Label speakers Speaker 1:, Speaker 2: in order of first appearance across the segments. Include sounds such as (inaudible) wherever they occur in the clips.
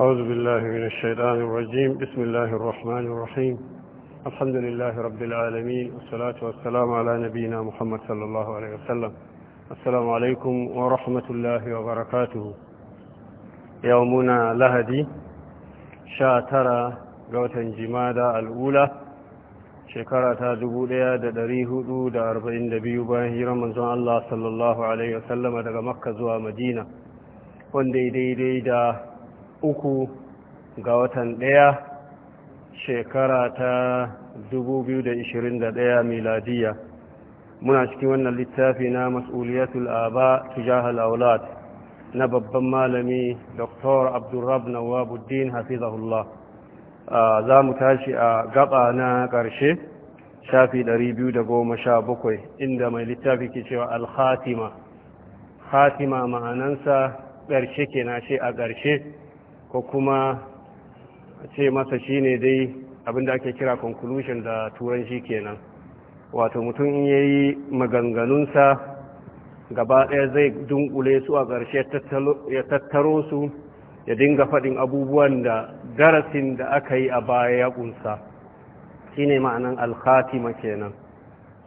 Speaker 1: أعوذ بالله من الشيطان الرجيم بسم الله الرحمن الرحيم الحمد لله رب العالمين والصلاة والسلام على نبينا محمد صلى الله عليه وسلم السلام عليكم ورحمة الله وبركاته يومنا لهدي شاترا قوتا جمادا الأولى شكرا تادبو ليا دريه دودا أربعين دبيو باهيرا من الله صلى الله عليه وسلم دقى مكة زوى مدينة وندي دي دي دا uku ga watan ɗaya shekara ta 2021 miladiya muna cikin wannan littafi na mas'uliyatul aba tujahal aulad na babban malami dr abdurrab nawabuddin hafizahullah za mu tashi a gaba na ƙarshe shafi bakwai. inda mai littafi ke cewa al-khatima khatima ma'anansa ƙarshe ke na a ƙarshe ko kuma ce masa shine dai abinda ake kira conclusion da turanci kenan wato mutum in yi maganganunsa gaba ɗaya zai dunkule su a ƙarshe ya tattaro su ya dinga faɗin abubuwan da darasin da aka yi a baya ya ƙunsa shine ne ma'anan alkhatima kenan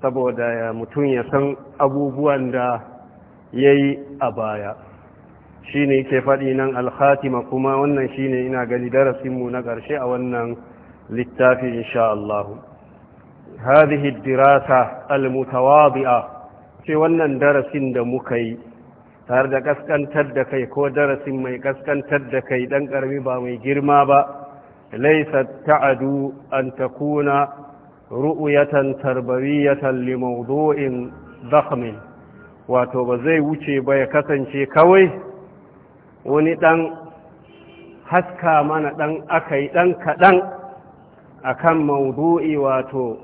Speaker 1: saboda mutum ya san abubuwan da ya yi a baya shi ne ke faɗi nan alhatima kuma wannan shi ne ina gani darasinmu na ƙarshe a wannan littafi insha Allah hadhihi dirasa almutawadi'a ce wannan darasin da muka yi tare da kaskantar da kai ko darasin mai kaskantar da kai dan karami ba mai girma ba laisa ta'adu an takuna ru'yatan tarbawiyatan li mawdu'in wato ba zai wuce ba ya kasance kawai wani ɗan haska mana ɗan aka yi ɗan kaɗan a kan maudu'i wato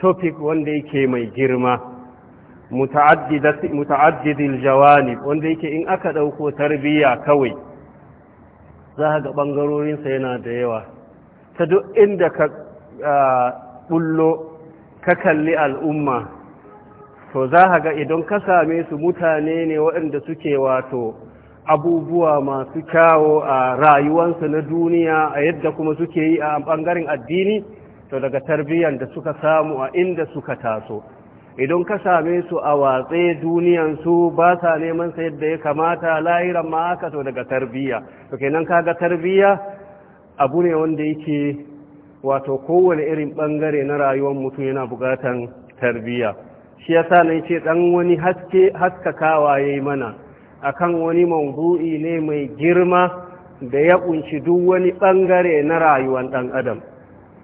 Speaker 1: topic wanda yake mai girma muta'addidil jawani wanda yake in aka ɗauko tarbiyya kawai za a ga ɓangarorinsa yana da yawa ta duk inda ka ɓullo ka kalli al'umma to za ga idan ka same su mutane ne waɗanda suke wato abubuwa masu kyawo a rayuwansu na duniya a yadda kuma suke yi a ɓangaren addini to daga tarbiyyar da suka samu a inda suka taso idan ka same su a watse duniyansu ba sa neman sa yadda ya kamata lahiran ma haka to daga tarbiyya to kenan kaga tarbiyya abu ne wanda yake wato kowane irin bangare na rayuwar mutum yana bukatan tarbiyya shi yasa na ce dan wani haske haskakawa yayi mana akan wani mawdu'i ne mai girma da ya kunshi duk wani bangare na rayuwar ɗan adam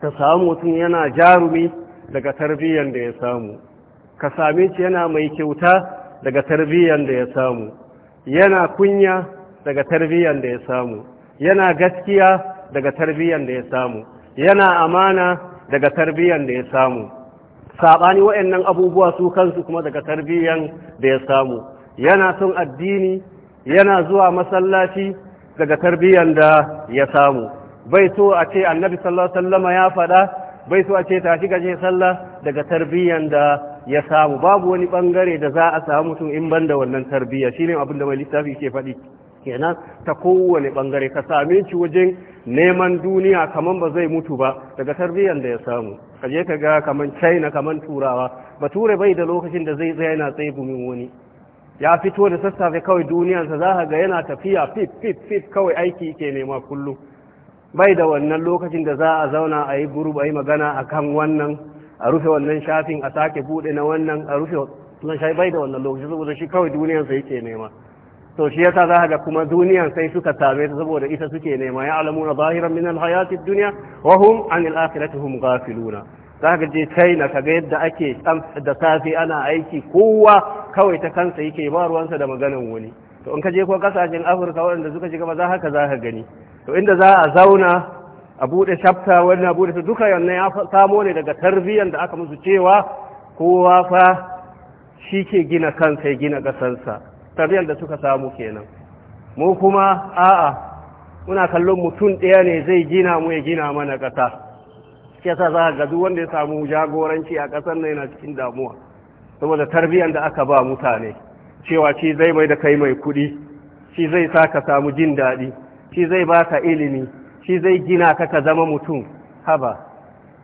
Speaker 1: ka samu mutum yana jarumi daga tarbiyyar da ya samu ka same shi yana mai kyauta daga tarbiyyar da ya samu yana kunya daga tarbiyyar da ya samu yana gaskiya daga tarbiyyar da ya samu yana amana daga tarbiyyar da ya samu saɓani waɗannan abubuwa su kansu kuma daga tarbiyyar da ya samu yana son addini yana zuwa masallaci daga tarbiyyar da ya samu bai so a ce annabi sallallahu alaihi wasallam ya faɗa bai so a ce tashi gaje sallah daga tarbiyyar da ya samu babu wani bangare da za a samu mutum in banda wannan tarbiyya shine abin da mai littafi ke faɗi kenan ta kowane bangare ka same shi wajen neman duniya kaman ba zai mutu ba daga tarbiyyar da ya samu kaje ka ga kaman China kaman turawa bature bai da lokacin da zai tsaya yana tsaye gumin wani ya fito da sassafe kawai duniyarsa za ka ga yana tafiya fit fit fit kawai aiki ke nema kullum bai da wannan lokacin da za a zauna a yi gurub a yi magana a kan wannan a rufe wannan shafin a sake buɗe na wannan a rufe wannan bai da wannan lokacin saboda shi kawai duniyarsa yake nema to shi yasa za ka ga kuma duniyar sai suka same ta saboda ita suke nema ya na zahiran min alhayatid dunya wa hum an alakhirati hum ghafiluna za ka je China ka ga yadda ake da safe ana aiki kowa kawai ta kansa yake ba ruwansa da maganan wani to in ka je ko kasashen afirka waɗanda suka shiga ba za haka za ka gani to inda za a zauna a buɗe shafta wannan buɗe su duka yanne ya samo ne daga tarbiyyar da aka musu cewa kowa fa shi ke gina kansa ya gina ƙasarsa, tarbiyyar da suka samu kenan mu kuma a'a muna kallon mutum ɗaya ne zai gina mu ya gina mana ƙasa shi yasa za ka ga duk wanda ya samu jagoranci a ƙasar nan yana cikin damuwa saboda tarbiyyar da aka ba mutane cewa shi zai mai da kai mai kuɗi shi zai sa ka samu jin daɗi shi zai ba ka ilimi shi zai gina ka ka zama mutum haba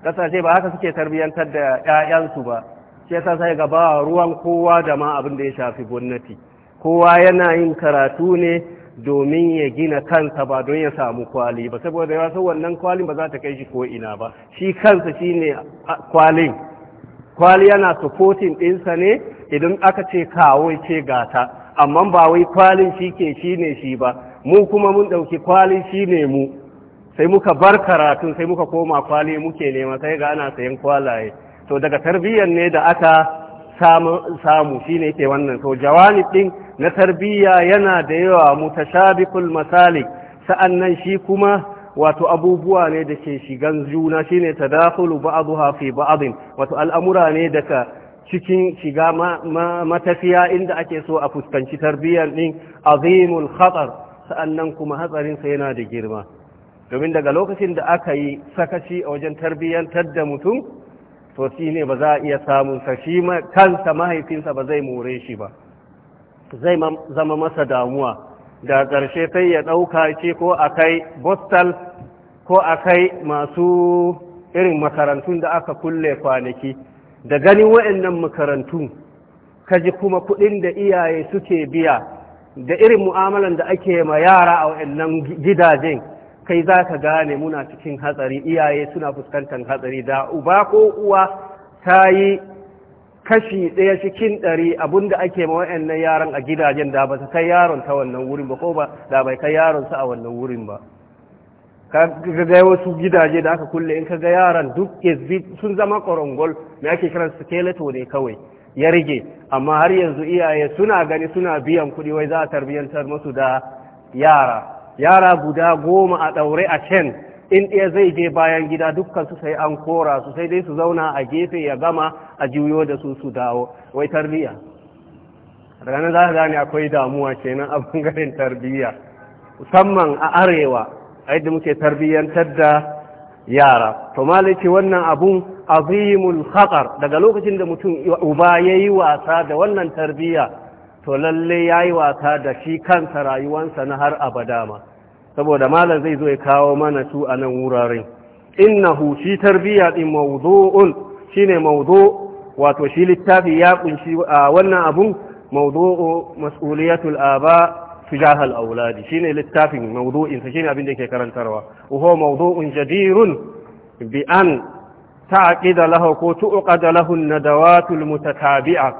Speaker 1: Kasashe ba haka suke tarbiyyantar da 'ya'yansu ba shi yasa sai ga ba ruwan kowa da ma abin da ya shafi gwamnati kowa yana yin karatu ne domin ya gina kansa ba don ya samu kwali ba saboda ya wannan kwalin ba za ta kai shi ko ina ba shi kansa shine kwalin kwali yana supporting ɗinsa ne idan aka ce kawo ce gata amma ba wai kwalin shi ke shi ne shi ba mu kuma mun ɗauki kwalin shi ne mu sai muka bar karatun sai muka koma kwali muke nema sai ga ana sayan kwalaye to daga tarbiyyar ne da aka samu shi ne ke wannan to jawani ɗin na tarbiyya yana da yawa mutashabikul masalik sa'annan shi kuma wato abubuwa ne da ke shigan juna shine tadakhulu ba'adu hafi ba'd wato al'amura ne daga cikin shiga matafiya inda ake so a fuskanci tarbiyyar ɗin azimul sa'an sa'annan kuma hatsarinsa yana da girma domin daga lokacin da aka yi sakaci a wajen tarbiyyantar da mutum to shine ba za a iya samun sa shi kansa mahaifinsa ba zai more shi ba zai zama masa damuwa da ƙarshe sai ya ɗauka ce ko a kai bostal ko a kai masu irin makarantun da aka kulle kwanaki da ganin wa'annan makarantu kaji kuma kuɗin da iyaye suke biya da irin mu'amalan da ake ma yara a wa'annan gidajen kai za ka gane muna cikin hatsari iyaye suna fuskantar hatsari da uba ko uwa ta yi kashi ɗaya cikin ɗari abun da ake ma wa'annan yaran a gidajen da ba ta kai yaron ta wannan wurin ba ko ba da bai kai yaron sa a wannan wurin ba ka ga wasu gidaje da aka kulle in ka ga yaran duk sun zama korongol me ake kiran su keleto ne kawai ya rige amma har yanzu iyaye suna gani suna biyan kuɗi wai za a tarbiyyantar musu da yara yara guda goma a ɗaure a can in ɗaya zai je bayan gida dukkan su sai an kora su sai dai su zauna a gefe ya gama a juyo da su su dawo wai tarbiyya ranar za ka gane akwai damuwa kenan a bangaren tarbiyya musamman a arewa a yadda muke tarbiyyantar da yara to malai ce wannan abun azimul khatar daga lokacin da mutum uba yayi wasa da wannan tarbiyya to lalle yayi wasa da shi kansa rayuwarsa na har abada ma saboda malam zai zo ya kawo mana su a nan wuraren innahu shi tarbiyya din mawdu'un shine mawdu wato shi littafi ya kunshi a wannan abun mawdu'u mas'uliyatul aba tujahal auladi shine littafin mawdu'in sa shine abin da yake karantarwa wa huwa mawdu'un jadirun bi an ta'qida lahu ko tu'qada lahu nadawatul mutatabi'a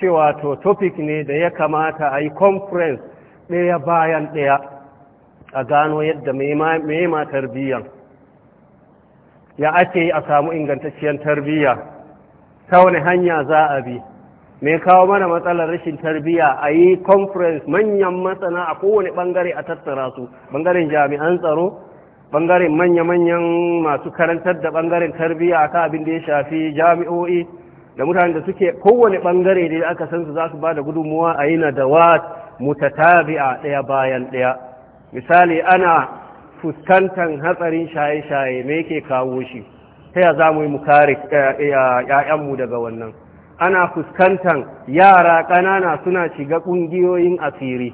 Speaker 1: cewa to topic ne da ya kamata ai conference ɗaya bayan ɗaya. a gano yadda mai ma tarbiyyan ya ake yi a samu ingantacciyar tarbiyya ta wani hanya za a bi mai kawo mana matsalar rashin tarbiyya a yi conference manyan masana a kowane bangare a tattara su bangaren jami'an tsaro bangaren manya-manyan masu karantar da bangaren tarbiyya ka abin da ya shafi jami'o'i da mutane da suke kowane bangare da aka san su za su ba da gudunmuwa a yi na da wat mutatabi'a ɗaya bayan ɗaya misali ana fuskantar hatsarin shaye-shaye me yake kawo shi ta ya za mu yi eh, ‘ya'yanmu daga wannan ana fuskantar yara ƙanana suna shiga ƙungiyoyin asiri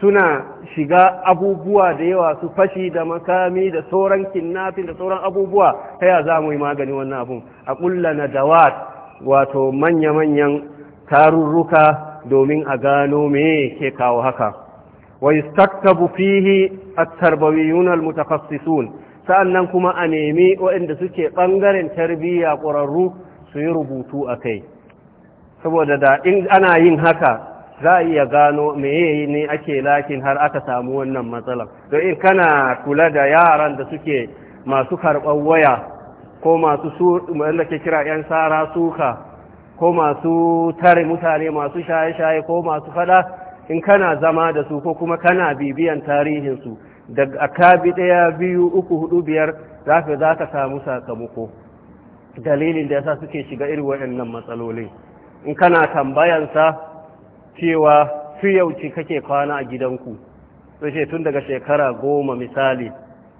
Speaker 1: suna shiga abubuwa da yawa su fashi da makami da sauran kinnafin da sauran abubuwa ta ya za mu yi magani wannan abun a ƙulla na dawat wato manya-manyan tarurruka domin a gano me ke kawo haka ويستكتب فيه التربويون المتخصصون sa'annan kuma a nemi waɗanda suke ɓangaren tarbiyya ƙwararru su yi rubutu a kai saboda da in ana yin haka za a iya gano meye ne ake lakin har aka samu wannan matsalar don in kana kula da yaran da suke masu karɓar waya ko masu su wanda ke kira 'yan sara suka ko masu tare mutane masu shaye-shaye ko masu faɗa. in kana zama da su ko kuma kana bibiyan tarihinsu daga akabi ɗaya biyu uku hudu biyar zafi za ka samu sakamako dalilin da ya sa suke shiga irin waɗannan matsalolin in kana tambayansa cewa fi yauci kake kwana a gidanku sai ce tun daga shekara goma misali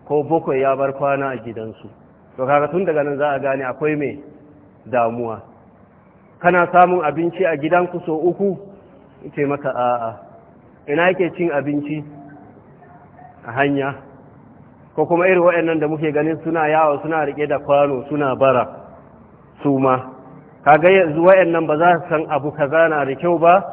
Speaker 1: ko bakwai ya bar kwana a gidansu to kaga tun daga nan za a gane akwai mai damuwa kana samun abinci a gidanku so uku ce maka a'a ina yake cin abinci a hanya ko kuma irin waɗannan da muke ganin suna yawa, suna rike da kwano suna bara su ma kaga yanzu waɗannan ba za su san abu kaza na da kyau ba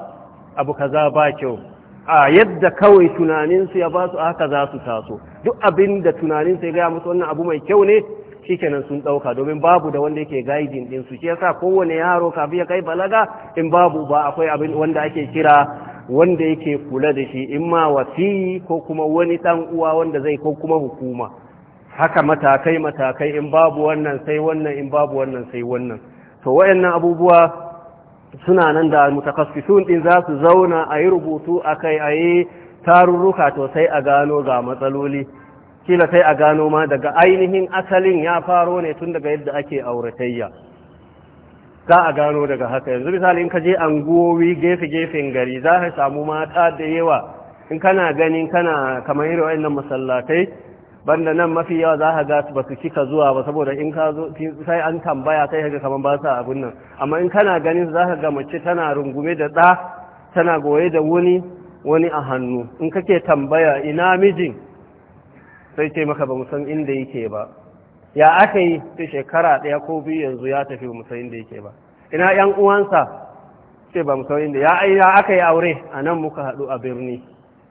Speaker 1: abu kaza ba kyau a yadda kawai tunaninsu ya ba su haka za su taso duk abin da tunaninsu ya gaya musu wannan abu mai kyau ne shikenan sun ɗauka domin babu da wanda yake guiding din su shi yasa kowane yaro kafin ya kai balaga in babu ba akwai abin wanda ake kira wanda yake kula da shi in ma wasi ko kuma wani dan uwa wanda zai ko kuma hukuma haka matakai matakai in babu wannan sai wannan in babu wannan sai wannan to wayannan abubuwa suna nan da mutakassisun din za su zauna a yi rubutu a kai a tarurruka to sai a gano ga matsaloli kila sai a gano ma daga ainihin asalin ya faro ne tun daga yadda ake auratayya za a gano daga haka yanzu misali in ka je anguwowi gefe-gefen gari za ka samu mata da yawa in kana ganin kana kamar irin nan masallatai banda nan mafi yawa za ka ga ba su kika zuwa ba saboda in ka zo sai an tambaya sai haka kamar ba sa abun nan amma in kana ganin za ka ga mace tana rungume da ɗa tana goye da wani wani a hannu in kake tambaya ina mijin sai ce maka ba san inda yake ba ya aka yi ta shekara ɗaya ko biyu yanzu ya tafi ba san inda yake ba ina yan uwansa ce ba san inda ya ya aka yi aure a nan muka haɗu a birni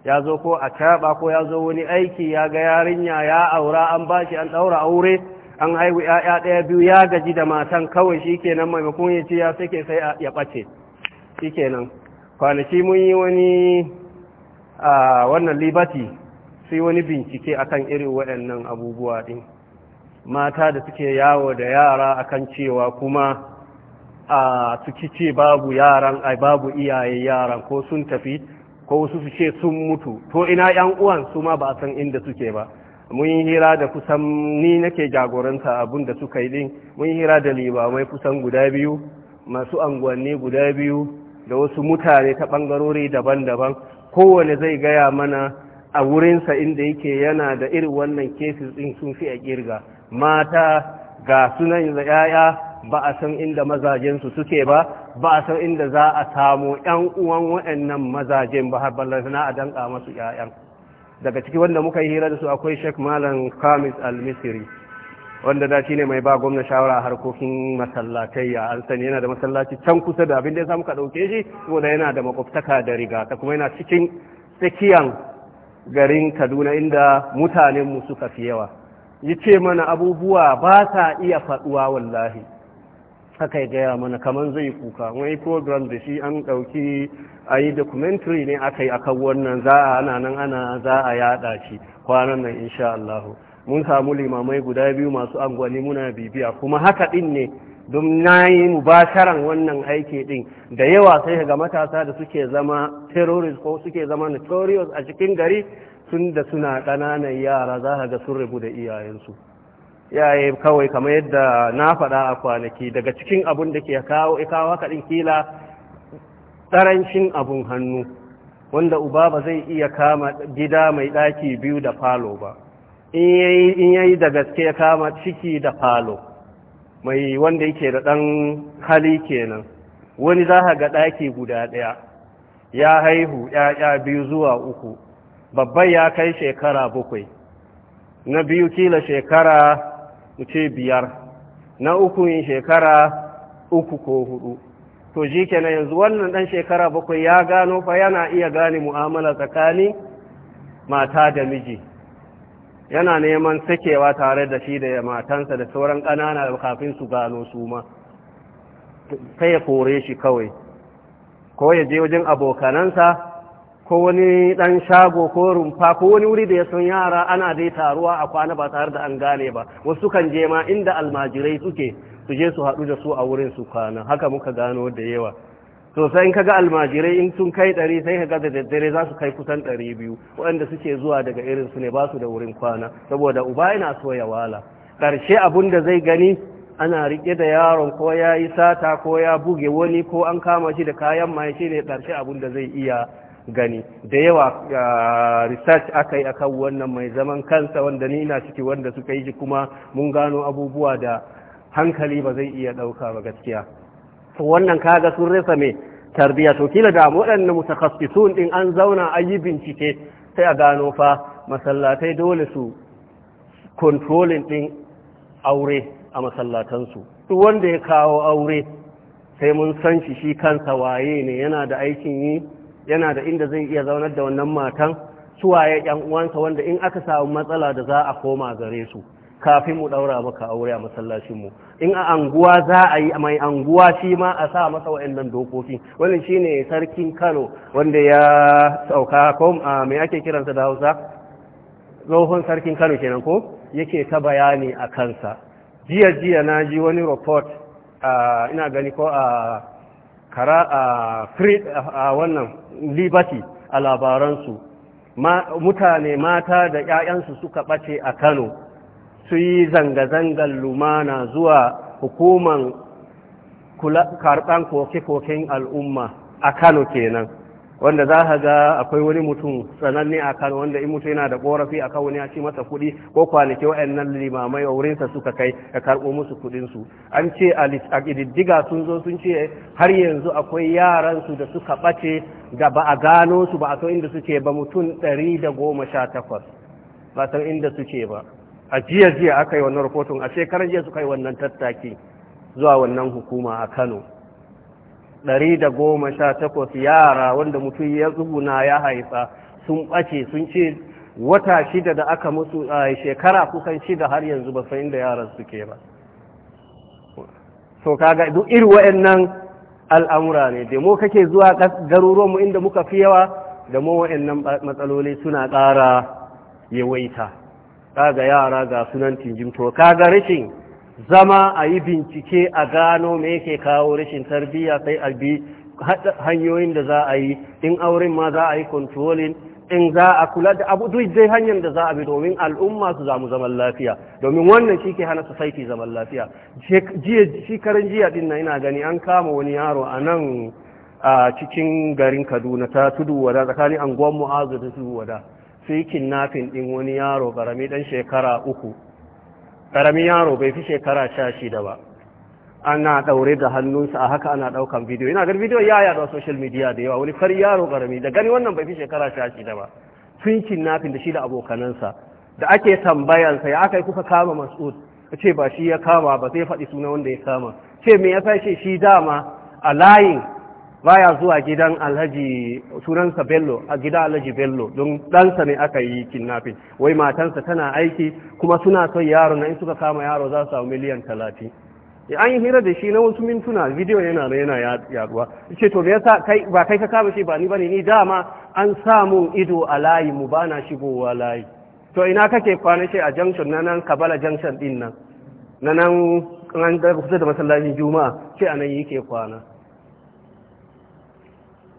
Speaker 1: ya zo ko a caɓa ko ya zo wani aiki ya ga yarinya ya aura an ba shi an ɗaura aure an haihu ya'ya ɗaya biyu ya gaji da matan kawai shi kenan maimakon ya ce ya sake sai ya ɓace shi kenan kwanaki mun yi wani a wannan libati sai wani bincike akan irin waɗannan abubuwa ɗin mata da suke yawo da yara akan cewa kuma a suke ce babu yaran ai babu iyaye yaran ko sun tafi ko wasu su ce sun mutu to ina yan uwan su ma ba a san inda suke ba mun yi hira da kusan ni nake jagoranta abun da suka yi din mun yi hira da mai kusan guda biyu masu anguwanni guda biyu da wasu mutane ta ɓangarori daban-daban kowane zai gaya mana a wurinsa inda yake yana da irin wannan kesis ɗin sun fi a ƙirga mata ga sunan da 'ya'ya ba a san inda mazajensu suke ba ba a san inda za a samu 'yan uwan waɗannan mazajen ba har ballantana a danƙa masu 'ya'yan daga ciki wanda muka yi hira da su akwai shek Malam Kamis al misiri wanda da ne mai ba gwamna shawara a harkokin masallatayya an sani yana da masallaci can kusa da abin da ya samu ka shi saboda yana da makwabtaka da riga kuma yana cikin tsakiyan garin kaduna inda mutanenmu suka fi yawa ya ce mana abubuwa ba ta iya faɗuwa wallahi haka ya gaya mana kamar zai kuka wani program da shi an ɗauki a yi documentary ne aka yi aka wannan za a ana nan ana za a yaɗa shi kwanan nan insha Allah mun samu limamai guda biyu masu angwani muna bibiya kuma haka din ne don na yi mubasharan wannan aiki ɗin, da yawa sai ga matasa da suke zama terrorist ko suke zama notorious a cikin gari tun da suna ƙananan yara za ga sun rabu da iyayensu iyaye kawai kamar yadda na faɗa a kwanaki daga cikin abun da ke kawo ikawa kaɗin kila tsarancin abun hannu wanda uba ba zai iya kama gida mai ɗaki biyu da falo ba in yayi da gaske ya kama ciki da falo mai wanda yake da ɗan hali kenan wani za ga ɗaki guda ɗaya ya haihu ‘ya'ya biyu zuwa uku babban ya kai shekara bakwai na biyu kila shekara ce biyar na uku yin shekara uku ko hudu to ji kenan yanzu wannan ɗan shekara bakwai ya gano fa yana iya gane mu'amala tsakanin mata da miji yana neman sakewa tare da shi da matansa da sauran ƙanana kafin su gano su ma sai ya kore shi kawai ko ya je wajen abokanansa ko wani ɗan shago ko rumfa ko wani wuri da ya san yara ana dai taruwa a kwana ba tare da an gane ba wasu kan je ma inda almajirai suke su je su haɗu da su a wurin su kwana haka muka gano da yawa sosai sai in kaga almajirai in sun kai ɗari sai kaga da daddare za su kai kusan ɗari biyu waɗanda suke zuwa daga irin su ne ba su da wurin kwana saboda uba yana so ya wala ƙarshe abun da zai gani ana riƙe da yaron ko ya yi sata ko ya buge wani ko an kama shi da kayan maye shi ne ƙarshe abun da zai iya gani da yawa research aka yi akan wannan mai zaman kansa wanda ni ina ciki wanda suka yi kuma mun gano abubuwa da hankali ba zai iya ɗauka ba gaskiya to wannan kaga sun rasa mai tarbiya to kila da mu waɗannan mutakhassisun din an zauna ayi bincike sai a gano fa masallatai dole su controlling din aure a masallatansu duk wanda ya kawo aure sai mun san shi shi kansa waye ne yana da aikin yi yana da inda zai iya zaunar da wannan matan suwaye yan uwansa wanda in aka samu matsala da za a koma gare su kafin mu daura maka aure a masallacin mu in a anguwa za a yi mai anguwa shi ma a sa masa wa'annan dokoki wani shi ne sarkin Kano wanda ya sauka ko mai ake kiransa da Hausa tsohon sarkin Kano kenan ko yake ta bayani a kansa jiya jiya na ji wani report ina gani ko a kara a wannan liberty a labaransu mutane mata da 'ya'yansu suka ɓace a Kano su yi zanga-zangar lumana zuwa hukuman karɓan koke-koken al'umma a kano kenan wanda za ka ga akwai wani mutum sananne a kano wanda in mutum yana da korafi a kawo ne a ci masa kuɗi ko kwanaki wa'annan limamai a wurinsa suka kai ka karɓo musu kuɗinsu an ce a ƙididdiga sun zo sun ce har yanzu akwai yaransu da suka ɓace da ba a gano su ba a san inda suke ba mutum ɗari da goma sha takwas ba san inda suke ba a jiya jiya aka yi wannan rahoton a shekarar jiya suka yi wannan tattaki zuwa wannan hukuma a kano ɗari da goma sha takwas yara wanda mutum ya tsuguna ya haifa sun ɓace sun ce wata shida da aka musu a shekara kusan shida har yanzu ba sai inda yaran suke ba so kaga duk irin wa'annan al'amura ne da mu kake zuwa garuruwanmu inda muka fi yawa da mu wa'annan matsaloli suna ƙara yawaita kaga yara ga sunan tinjin to kaga rashin zama a yi bincike a gano me yake kawo rashin tarbiyya sai a bi hanyoyin da za a yi in auren ma za a yi controlling in za a kula da abu duk dai hanyar da za a bi domin al'umma su zamu zaman lafiya domin wannan shi ke hana society zaman lafiya karin jiya din na ina gani an kama wani yaro a nan a cikin garin kaduna ta tudu wada tsakanin anguwan mu'azu da tudu wada su yi kidnapping ɗin wani yaro ƙarami ɗan shekara uku ƙarami yaro bai fi shekara sha shida ba ana ɗaure da hannunsa a haka ana ɗaukan bidiyo yana gar bidiyo ya yaɗa social media da yawa wani fari yaro ƙarami da gani wannan bai fi shekara sha shida ba sun kinnafin da shi da abokanansa da ake tambayansa ya aka yi kuka kama mas'ud ce ba shi ya kama ba zai faɗi suna wanda ya kama ce me ya fashe shi dama a layin baya zuwa gidan alhaji sunansa bello a gida alhaji bello don ɗansa ne aka yi kidnapping wai matansa tana aiki kuma suna son yaro na in suka kama yaro za su samu miliyan talatin eh, an yi hira da shi na wasu mintuna bidiyo yana da yana yaduwa ce to ya sa kai ba kai ka kama shi ba ni bane ni dama an samu ido a layi mu bana shigowa layi to ina kake kwana shi a junction na nan kabala junction din nan na nan kusa da masallacin juma'a ce anan yake kwana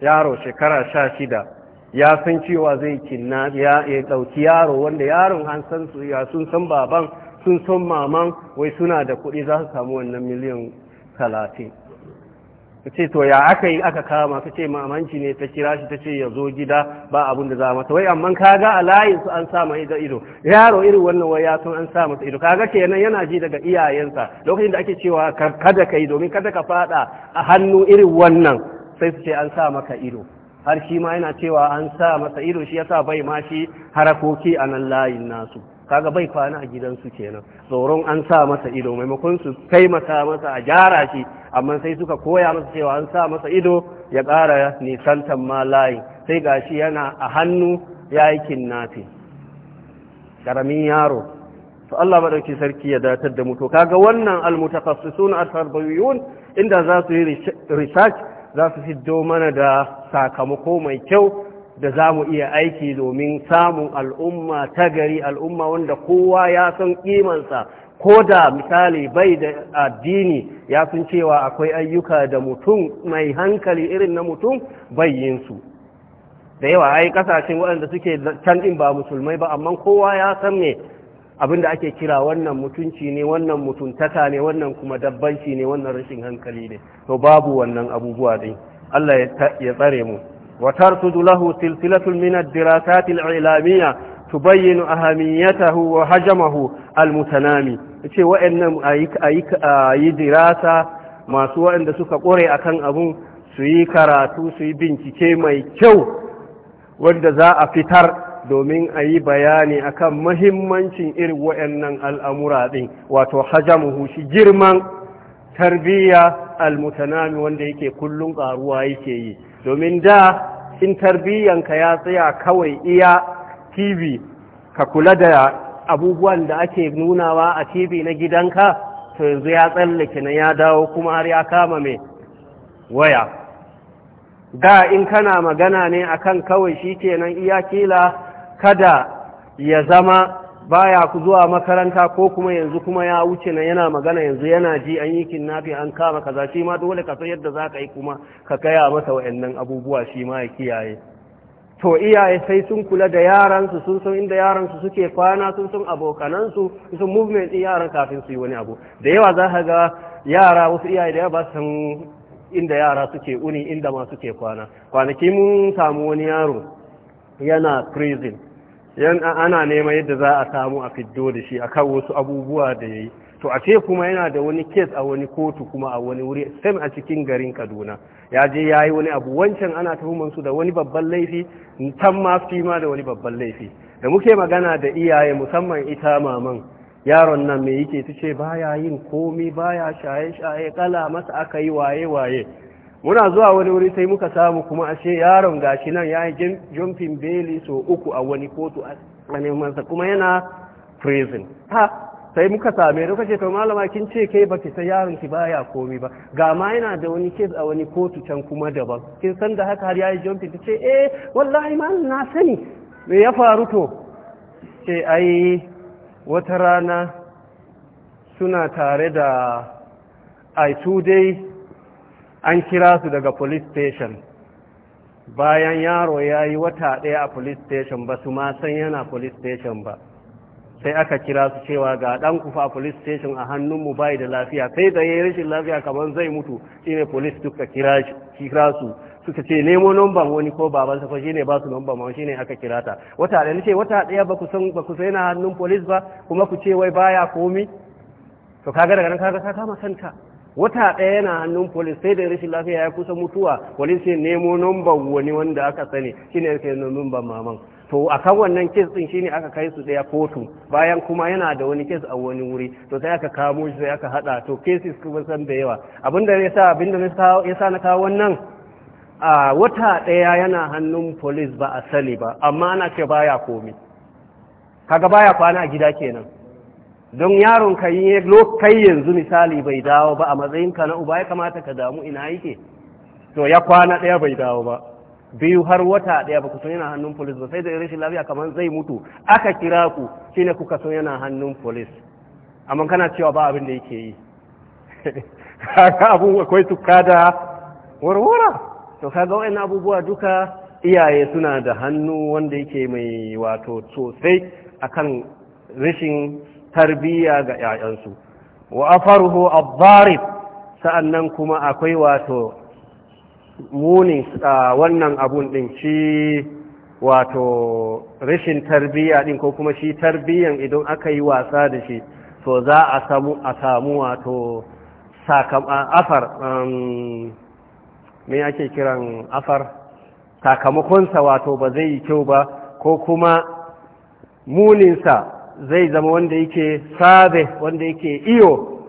Speaker 1: yaro shekara sha shida ya san cewa zai kinna ya ɗauki yaro wanda yaron an san su ya sun san baban sun san maman wai suna da kuɗi za su samu wannan miliyan talatin ta ce to ya aka yi aka kama ta ce mamanci ne ta kira shi ta ce ya zo gida ba abin da za mata wai amma ga a layin su an sama ido ido yaro irin wannan wai ya san an sa masa ido kaga kenan yana ji daga iyayensa lokacin da ake cewa kada ka yi domin kada ka fada a hannu irin wannan sai su ce an sa maka ido har shi ma yana cewa an sa masa ido shi yasa bai ma shi harakoki a nan layin nasu kaga bai kwana a gidansu kenan tsoron an sa masa ido maimakon su kai masa masa a gyara shi amma sai suka koya masa cewa an sa masa ido ya ƙara nisantan ma layin sai shi yana a hannu ya yi kinnafi ƙaramin yaro to Allah ɗauki sarki ya datar da mu to kaga wannan almutakassisun at inda za su yi research za su fiddo mana da sakamako mai kyau da za mu iya aiki domin samun al'umma ta gari al'umma wanda kowa ya san ƙimansa ko da misali bai da addini ya sun cewa akwai ayyuka da mutum mai hankali irin na mutum bayyinsu da yawa ai kasashen waɗanda suke canɗin ba musulmai ba amma kowa ya san me abinda ake kira wannan mutunci ne wannan mutuntaka ne wannan kuma dabbanci ne wannan rashin hankali ne to babu wannan abubuwa din Allah ya tsare mu wa tarsudu lahu silsilatul min ad-dirasat al-ilamiyya tubayyinu ahamiyatahu wa hajamahu al-mutanami yace wa'annan ayi ayi dirasa masu wa'anda suka kore akan abun su yi karatu su yi bincike mai kyau wanda za a fitar domin a yi bayani akan mahimmancin irin wa'annan al'amura ɗin wato hajamuhu hushi girman tarbiyya almutanami wanda yake kullum ƙaruwa yake yi domin da in tarbiyyanka ya tsaya kawai iya tv ka kula da abubuwan da ake nunawa a tv na gidanka to yanzu ya tsallake na ya dawo kuma har ya kama mai waya ga in kana magana ne akan kawai shi kenan iya kila kada ya zama baya ku zuwa makaranta ko kuma yanzu kuma ya wuce na yana magana yanzu yana ji an yi kinnafi an kama kaza shi ma dole ka san yadda za ka yi kuma ka gaya masa wa'annan abubuwa shi ma ya kiyaye to iyaye sai sun kula da yaransu sun san inda yaransu suke kwana sun san abokanansu sun movement yaran kafin su yi wani abu da yawa za ka ga yara wasu iyaye da yawa ba san inda yara suke uni inda ma suke kwana kwanaki mun samu wani yaro yana prison yan ana neman yadda za a samu a fiddo da shi akan wasu abubuwa da yayi to a ce kuma yana da wani kes a wani kotu kuma a wani wuri sam a cikin garin Kaduna ya je yayi wani abu wancan ana tuhuman su da wani babban laifi tan ma fi ma da wani babban laifi da muke magana da iyaye musamman ita maman yaron nan me yake tace baya yin komai baya shaye shaye kala masa aka yi waye waye muna zuwa wani wuri sai muka samu kuma ashe yaron gashi nan ya yi jumping beli so uku a wani kotu a nemansa kuma yana prison ha sai muka same da kace to malama kin ce kai baki sai yaron ki baya komi ba ga ma yana da wani case a wani kotu can kuma daban kin san da haka har ya yi jumping tace eh wallahi ma na sani me ya faru to ce ai wata rana suna tare da ai su an kira su daga police station bayan yaro ya yi wata ɗaya a police station ba su ma san yana police station ba sai aka kira su cewa ga ɗan kufa a police station a hannunmu bai da lafiya sai da ya yi rashin lafiya kamar zai mutu shine police duka kira su suka ce nemo numban wani ko baban sa shi ne ba su numban ma shine aka kira ta wata ɗaya ce wata ɗaya ba ku san ba ku san hannun police ba kuma ku ce wai baya komi to kaga daga nan kaga ka kama kanka wata ɗaya yana hannun polis sai da rashin lafiya ya kusa mutuwa polis sai nemo nomba wani wanda aka sani shine yake nomba maman to akan wannan kes din shine aka kai su ɗaya kotu bayan kuma yana da wani kes a wani wuri to sai aka kamo shi sai aka hada to cases kuma san da yawa abinda da sa abinda ya sa na kawo wannan a wata ɗaya yana hannun polis ba a sani ba amma ana ce baya komi kaga baya kwana a gida kenan don yaron ka lokai yanzu misali bai dawo ba a matsayin ka na uba ya kamata ka damu ina yake to ya kwana daya bai dawo ba biyu har wata daya ba ku san yana hannun polis ba sai da rashin lafiya kamar zai mutu aka kira ku shine kuka san yana hannun polis amma kana cewa ba abin da yake yi (laughs) abun akwai da warwara to kaga abubuwa duka iyaye suna da hannu wanda yake mai wato sosai akan rashin tarbiyya ga 'ya'yansu wa afaruhu adh-dharib sa'annan kuma akwai wato munin wannan abun din shi wato rashin tarbiyya din ko kuma shi tarbiyyan idan aka yi wasa da shi to za a samu a samu wato afar um, me ake kiran afar sakamakonsa wato ba zai yi kyau ba ko kuma muninsa zai zama wanda yake sabe wanda yake iyo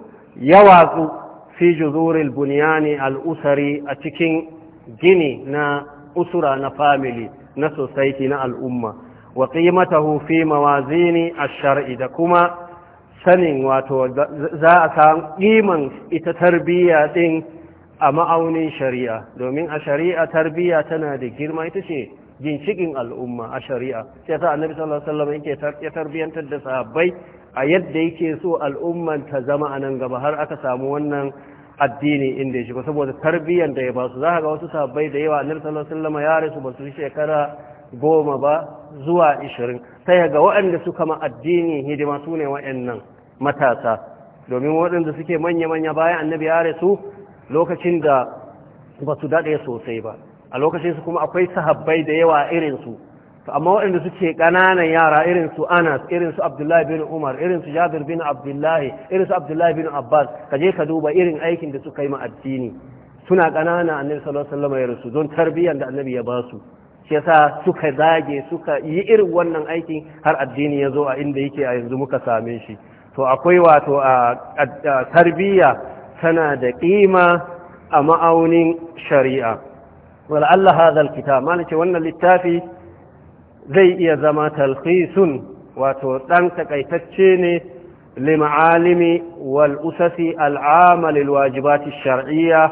Speaker 1: ya watsu fi juzuril al'usari a cikin gini na usura na family na society na al'umma wa qimatahu fi mawazini a shari’i da kuma sanin wato za a san ƙiman ita tarbiyya ɗin a ma'aunin shari'a domin a shari'a tarbiyya tana da girma ita ce ginshikin al'umma a shari'a sai sa annabi sallallahu alaihi yake ya da sahabbai a yadda yake so al'umman ta zama a nan gaba har aka samu wannan addini inda ya shigo saboda tarbiyyar da ya ba su za ga wasu sahabbai da yawa annabi sallallahu alaihi wasallam ya rasu ba su shekara goma ba zuwa ishirin sai ga waɗanda suka ma addini hidima su ne waɗannan matasa domin waɗanda suke manya-manya bayan annabi ya rasu lokacin da ba su daɗe sosai ba a lokacin su kuma akwai sahabbai da yawa irin su to amma waɗanda suke ƙananan yara irin su Anas irin su Abdullahi bin Umar irin su Jabir bin Abdullahi irin su Abdullahi bin Abbas ka je ka duba irin aikin da suka yi ma addini suna ƙanana annabi sallallahu alaihi wasallam ya rusu don tarbiyyar da annabi ya ba su shi yasa suka zage, suka yi irin wannan aikin har addini ya zo a inda yake a yanzu muka same shi to akwai wato a tarbiyya tana da ƙima a ma'aunin shari'a wala Allah hadha mana ce wannan littafi zai iya zama talkhisun wato dan takaitacce ne lima'alimi wal usasi wajibati shar'iyya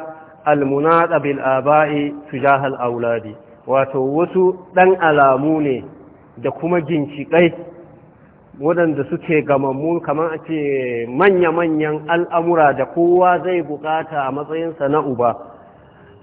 Speaker 1: almunada bil aba'i tujah auladi wato wasu dan alamu ne da kuma ginshiƙai waɗanda suke gamammu kamar a ce manya-manyan al'amura da kowa zai buƙata a matsayinsa na uba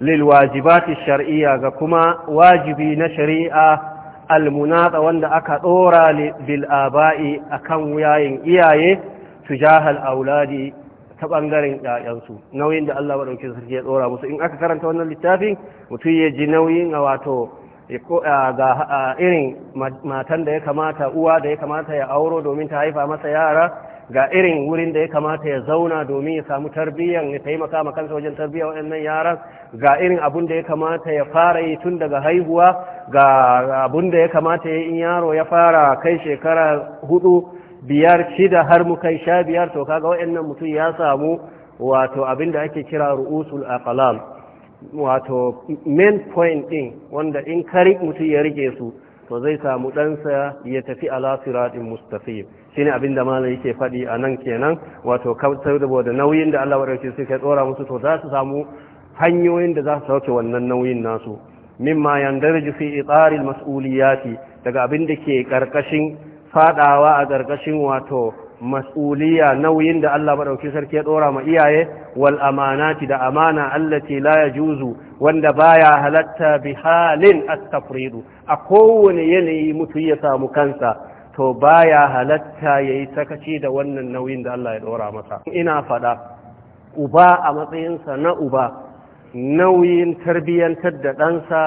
Speaker 1: lilwajibati shar'iya ga kuma wajibi na shari'a almunata wanda aka dora bil aba'i akan wuyayin iyaye tujahal auladi ta bangaren ƴaƴansu nauyin da Allah madauki sarki ya dora musu in aka karanta wannan littafin mutum ya ji nauyin a wato ga irin matan da ya kamata uwa da ya kamata ya auro domin ta haifa masa yara ga irin wurin da ya kamata ya zauna domin ya samu tarbiyyar ya taimaka ma kansa wajen tarbiyyar waɗannan yaran ga irin abun da ya kamata ya fara yi tun daga haihuwa ga abun da ya kamata ya in yaro ya fara kai shekara hudu biyar shida har mu kai sha biyar to kaga waɗannan mutum ya samu wato abin da ake kira ru'usul aqlam wato main point din wanda in kari mutum ya rike su to zai samu ɗansa ya tafi ala siratin mustaqim shine abin da malam yake faɗi a nan kenan wato saboda nauyin da Allah wadauke su kai tsora musu to za su samu hanyoyin da za su sauke wannan nauyin nasu mimma yandarju fi tsarin mas'uliyati daga abin da ke karkashin faɗawa a karkashin wato mas'uliya nauyin da Allah madauki sarki ya dora ma iyaye wal amanati da amana allati la yajuzu wanda baya halatta bi halin at-tafridu a kowane yanayi mutu ya samu kansa to baya halatta yayi yi sakaci da wannan nauyin da Allah ya ɗora masa ina faɗa uba a matsayin sa na uba nauyin tarbiyyantar da ɗansa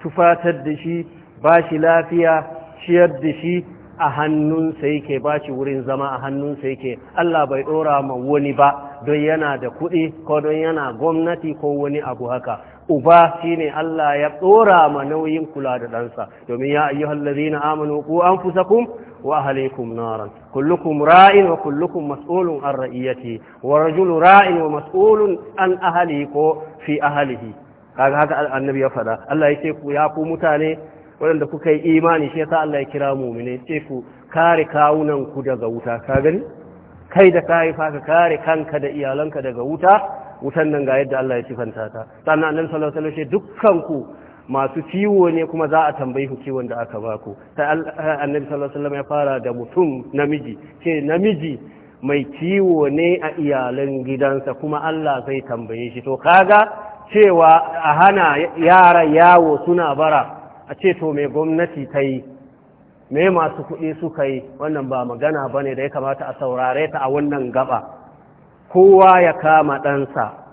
Speaker 1: tufatar da shi bashi lafiya ciyar da shi a hannunsa yake bashi wurin zama a hannun sa yake Allah bai dora ma wani ba don yana da kuɗi ko don yana gwamnati ko wani abu haka uba shine Allah ya ɗora ma nauyin kula da ɗansa domin ya ayyuhallazina amanu ku anfusakum وأهليكم نارا كلكم راع وكلكم مسؤول عن رئيته ورجل راع ومسؤول عن أهليكو في أهله kaga haka annabi ya faɗa Allah ya ce ku ya ku mutane waɗanda kuka yi imani shi yasa Allah ya kira mu'mine ce ku kare kawunan ku daga wuta ka gani kai da kai fa ka kare kanka da iyalanka daga wuta wutan nan ga yadda Allah ya sifanta ta sannan annabi sallallahu alaihi wasallam ce dukkan ku masu ciwo ne kuma za a tambayi ku ciwon da aka ba ku ta eh, annabi sallallahu alaihi ya fara da mutum namiji ce namiji mai ciwo ne a iyalan gidansa kuma Allah zai tambaye shi to kaga cewa a hana yara yawo suna bara a ce to mai gwamnati ta yi me masu kuɗi suka yi wannan ba magana bane da ya kamata a saurare ta a wannan gaba kowa ya kama ɗansa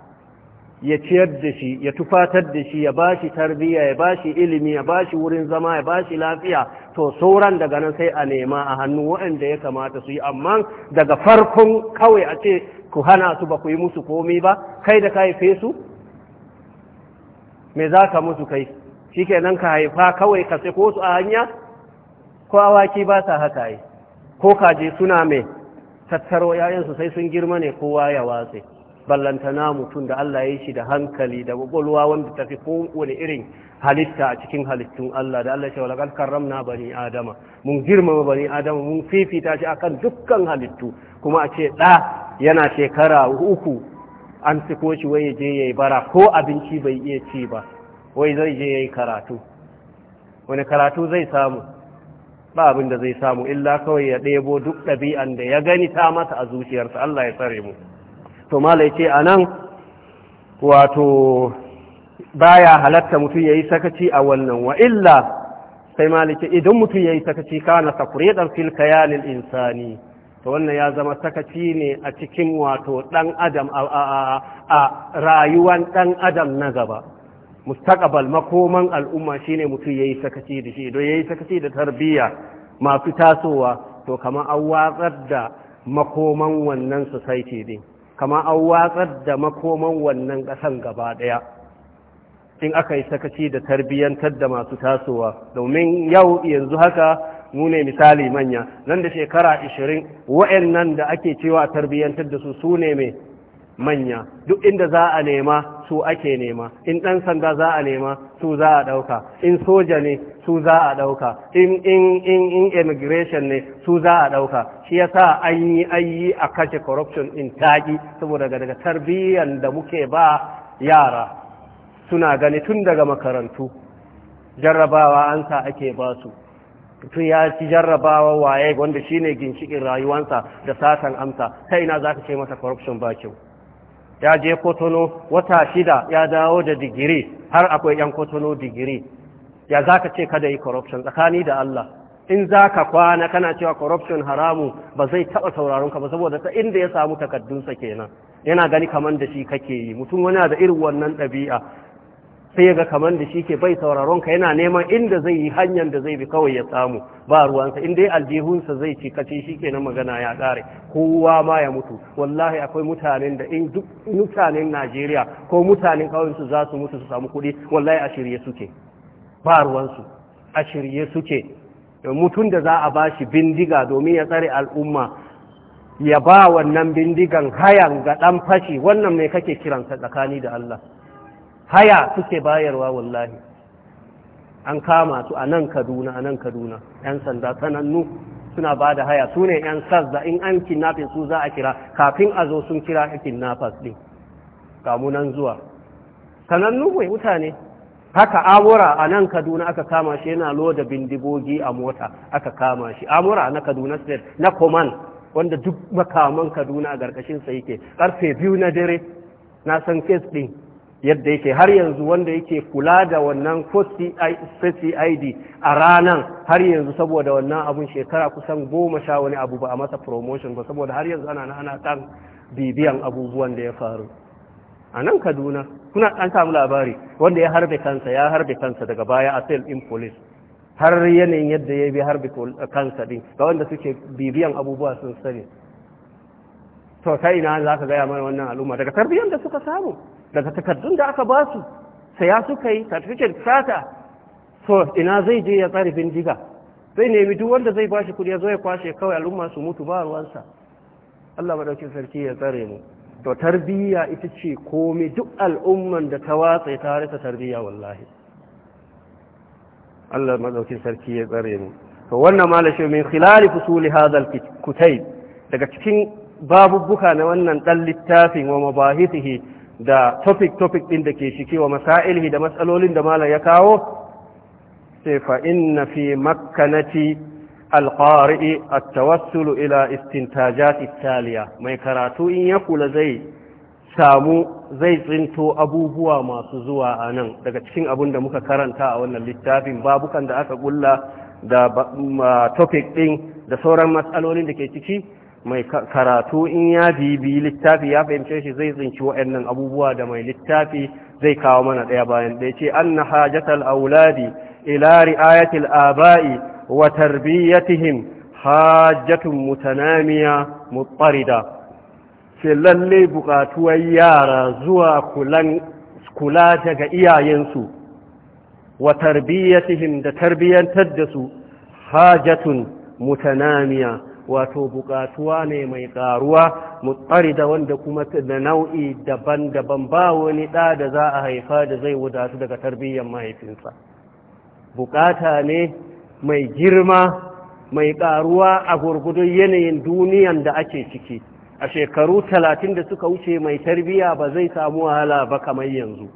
Speaker 1: ya ciyar da shi ya tufatar da shi ya ba shi tarbiya ya ba shi ilimi ya ba shi wurin zama ya ba shi lafiya to sauran daga nan sai a nema a hannu waɗanda ya kamata su yi amma daga farkon kawai a ce ku hana su ba ku yi musu komi ba kai da ka haife su me za ka musu kai shi ke nan ka haifa kawai ka ko su a hanya ko awaki ba sa haka yi ko kaje suna mai tattaro 'ya'yansu sai sun girma ne kowa ya watse ballantana mutum da Allah ya yi shi da hankali da kwakwalwa wanda ta fi kowane irin halitta a cikin halittun Allah da Allah ya ce wa bani adama mun girmama bani adama mun fifita shi akan dukkan halittu kuma a ce ɗa yana shekara uku an siko shi wai je yi bara ko abinci bai iya ci ba wai zai je yi karatu wani karatu zai samu ba abin da zai samu illa kawai ya ɗebo duk ɗabi'an da ya gani ta masa a zuciyarsa Allah ya tsare mu to mala a nan wato baya halatta mutum ya yi sakaci a wannan wa illa sai malike idan mutum ya yi sakaci kana sakure ɗan fil kayanin insani to wannan ya zama sakaci ne a cikin wato ɗan adam a rayuwan ɗan adam na gaba mustaqbal makoman al'umma shine mutum yayi sakaci da shi don yayi sakaci da tarbiyya masu tasowa to kamar an watsar da makoman wannan society din kama an watsar da makoman wannan ƙasan gaba ɗaya in aka yi sakaci da tarbiyyantar da masu tasowa domin yau yanzu haka mu misali manya nan da shekara 20 wa'annan da ake cewa tarbiyyantar da su su ne mai manya duk inda za a nema su ake nema in ɗan sanda za a nema su za a ɗauka in soja ne su za a ɗauka in in in in immigration ne su za a ɗauka shi yasa an yi an yi a kashe corruption in taƙi saboda daga tarbiyyar da muke ba yara suna gani tun daga makarantu jarrabawa an sa ake ba su tun ya ci jarrabawa waye wanda shine ginshikin rayuwansa da satan amsa ta ina za ka ce masa corruption ba kyau ya je kotono wata shida ya dawo da digiri har akwai yan kotono digiri ya za ka ce kada yi corruption tsakani da Allah in za ka kwana kana cewa corruption haramu ba zai taɓa sauraron ka ba saboda ta inda ya samu takaddunsa kenan yana gani kamar da shi kake yi mutum wani da irin wannan ɗabi'a sai ga kamar da shi ke bai sauraron ka yana neman inda zai yi hanyar da zai bi kawai ya samu ba ruwansa in dai aljihunsa zai ci kace shi kenan magana ya ƙare kowa ma ya mutu wallahi akwai mutanen da in duk mutanen Najeriya ko mutanen kauyensu za su mutu su samu kuɗi wallahi a shirye suke ba ruwansu a shirye suke mutum da za a ba shi bindiga domin ya tsare al'umma ya ba wannan bindigan haya ga ɗan fashi wannan mai kake kiransa tsakani da Allah haya suke bayarwa wallahi an kama su a nan kaduna a nan kaduna 'yan sanda sanannu suna ba da haya su ne 'yan sassa in an kinnafin su za a kira kafin a zo sun kira kidnappers ɗin kamunan zuwa sanannu mai mutane haka amura a nan kaduna aka kama shi yana loda bindigogi a mota aka kama shi amura na kaduna state na command wanda duk makaman kaduna a sa yake karfe biyu na dare na san kes din yadda yake har yanzu wanda yake kula da wannan ko cid a ranan har yanzu saboda wannan abun shekara kusan goma sha wani abu ba a masa promotion ba saboda har yanzu ana ana kan bibiyan abubuwan da ya faru a nan kaduna kuna an samu labari wanda ya harbe kansa ya harbe kansa daga baya a sel in police har yanayin yadda ya bi harbe kansa din ga wanda suke bibiyan abubuwa sun sani to ta ina za ka gaya mana wannan al'umma daga tarbiyyar da suka samu daga takardun da aka ba su saya suka yi certificate sata so ina zai je ya tsare bindiga zai nemi duk wanda zai bashi kudi ya zo ya kwashe kawai al'umma su mutu ba ruwansa Allah madaukin sarki ya tsare mu to tarbiyya ita ce komai duk al'umman da ta watsa ta rasa tarbiyya wallahi Allah madaukin sarki ya tsare mu to wannan malashin min khilali fusuli hadal kutai daga cikin babubbuka na wannan dan littafin wa mabahithihi da topic topic din da ke shike wa masailihi da matsalolin da malam ya kawo sai fa inna fi makkanati alƙari'i a tawassulu ila istintajati italiya mai karatu in ya kula zai samu zai tsinto abubuwa masu zuwa a nan daga cikin abin da muka karanta a wannan littafin babukan da aka kulla da topic din da sauran matsalolin da ke ciki mai karatu in ya bibi littafi ya fahimce shi zai tsinci waɗannan abubuwa da mai littafi zai kawo mana ɗaya bayan ɗaya ce an na hajjatar auladi إلى رعاية الآباء وتربيتهم حاجة متنامية مضطردة في yara zuwa يارا زوا iyayensu كلاتا كإيا ينسو وتربيتهم دا تربيا تدسو حاجة متنامية wato bukatuwa ne mai karuwa mutsari da wanda kuma da nau'i daban-daban ba wani ɗa da za a haifa da zai wudatu daga tarbiyyar mahaifinsa bukata ne mai girma mai ƙaruwa a gurgudun yanayin duniyan da ake ciki a shekaru talatin da suka wuce mai tarbiya ba zai samu wahala ba kamar yanzu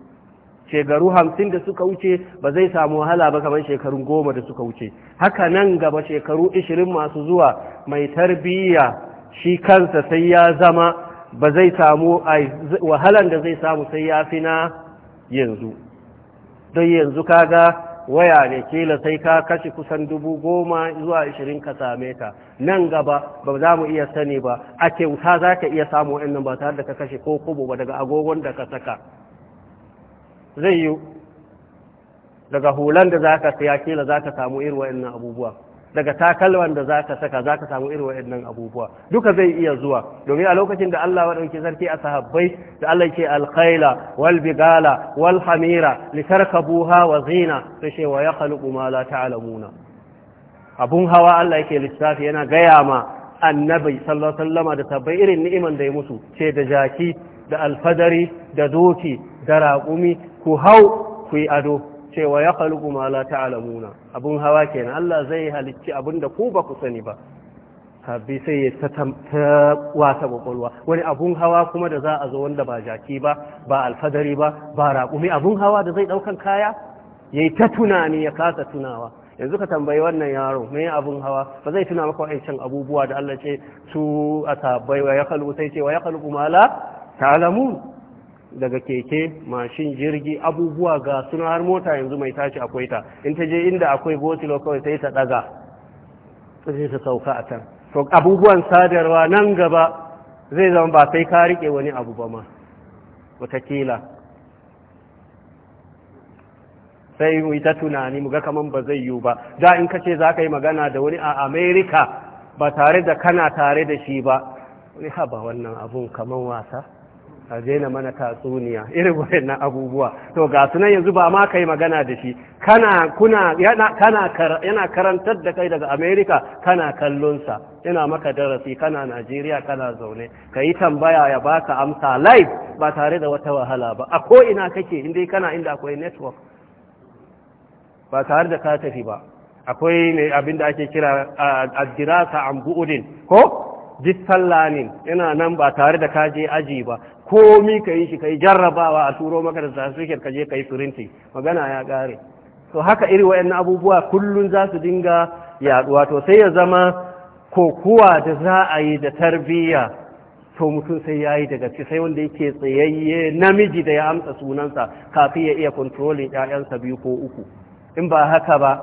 Speaker 1: shekaru hamsin da suka wuce ba zai samu wahala ba kamar shekarun goma da suka wuce haka nan gaba shekaru ishirin masu zuwa mai tarbiyya shi kansa sai ya zama ba zai samu wahalan da zai samu sai ya fi na yanzu don yanzu kaga waya ne kila sai ka kashe kusan dubu goma zuwa ishirin ka same ta nan gaba ba za mu iya sani ba a kyauta za ka iya samu wa'annan ba tare da ka kashe ko kubo ba daga agogon da ka saka zai yi daga hulan da za ka siya kila za ka samu irin wa'annan abubuwa daga takalman da za ka saka zaka samu irin waɗannan abubuwa duka zai iya zuwa domin a lokacin da Allah wadauke sarki a sahabbai da Allah yake alkhaila wal bigala wal hamira tarkabuha wa zina to ce wa yakhluqu ma la ta'lamuna abun hawa Allah yake lissafi yana gaya ma annabi sallallahu alaihi da tabbai irin ni'iman da ya musu ce da jaki da alfadari da doki da raƙumi ku hau ku yi ado ce wa ya khaluqu ma la ta'lamuna abun hawa kenan Allah zai halicci abun da ku ba ku sani ba habi sai ya ta wasa kwakwalwa wani abun hawa kuma da za a zo wanda ba jaki ba ba alfadari ba ba raƙumi abun hawa da zai ɗaukan kaya ya yi ta tunani ya kasa tunawa yanzu ka tambayi wannan yaro me abun hawa ba zai tuna maka wa'ancan abubuwa da Allah ce su a tabbai wa ya kalu sai ce wa ya kalu la ta'lamun daga keke mashin jirgi abubuwa ga suna har mota yanzu mai tashi akwai ta in ta je inda akwai botilo kawai sai ta daga sai ta sauka a can to abubuwan sadarwa nan gaba zai zama ba sai ka rike wani abu ba ma watakila sai mu ta tunani mu ga kaman ba zai yiwu ba da in ka ce za ka yi magana da wani a amerika ba tare da kana tare da shi ba wani haba wannan abun kaman wasa a daina mana tatsuniya irin waɗannan abubuwa to ga sunan yanzu ba ma kai magana da shi kana kuna yana kana yana karantar da kai daga America kana kallon sa yana maka darasi kana Najeriya kana zaune kai tambaya ya baka amsa live ba tare da wata wahala ba a ko ina kake indai kana inda akwai network ba tare da ka tafi ba akwai ne abinda ake kira addirasa an ko duk yana nan ba tare da kaje aji ba komi ka yi shi ka yi jarrabawa a turo maka da certificate ka je ka yi firinti magana ya ƙare to haka iri wayannan abubuwa kullum za su dinga yaɗuwa to sai ya zama kokuwa da za a yi da tarbiyya to mutum sai ya yi daga ci sai wanda yake tsayayye namiji da ya amsa sunansa kafin ya iya kontrolin 'ya'yansa biyu ko uku in ba haka ba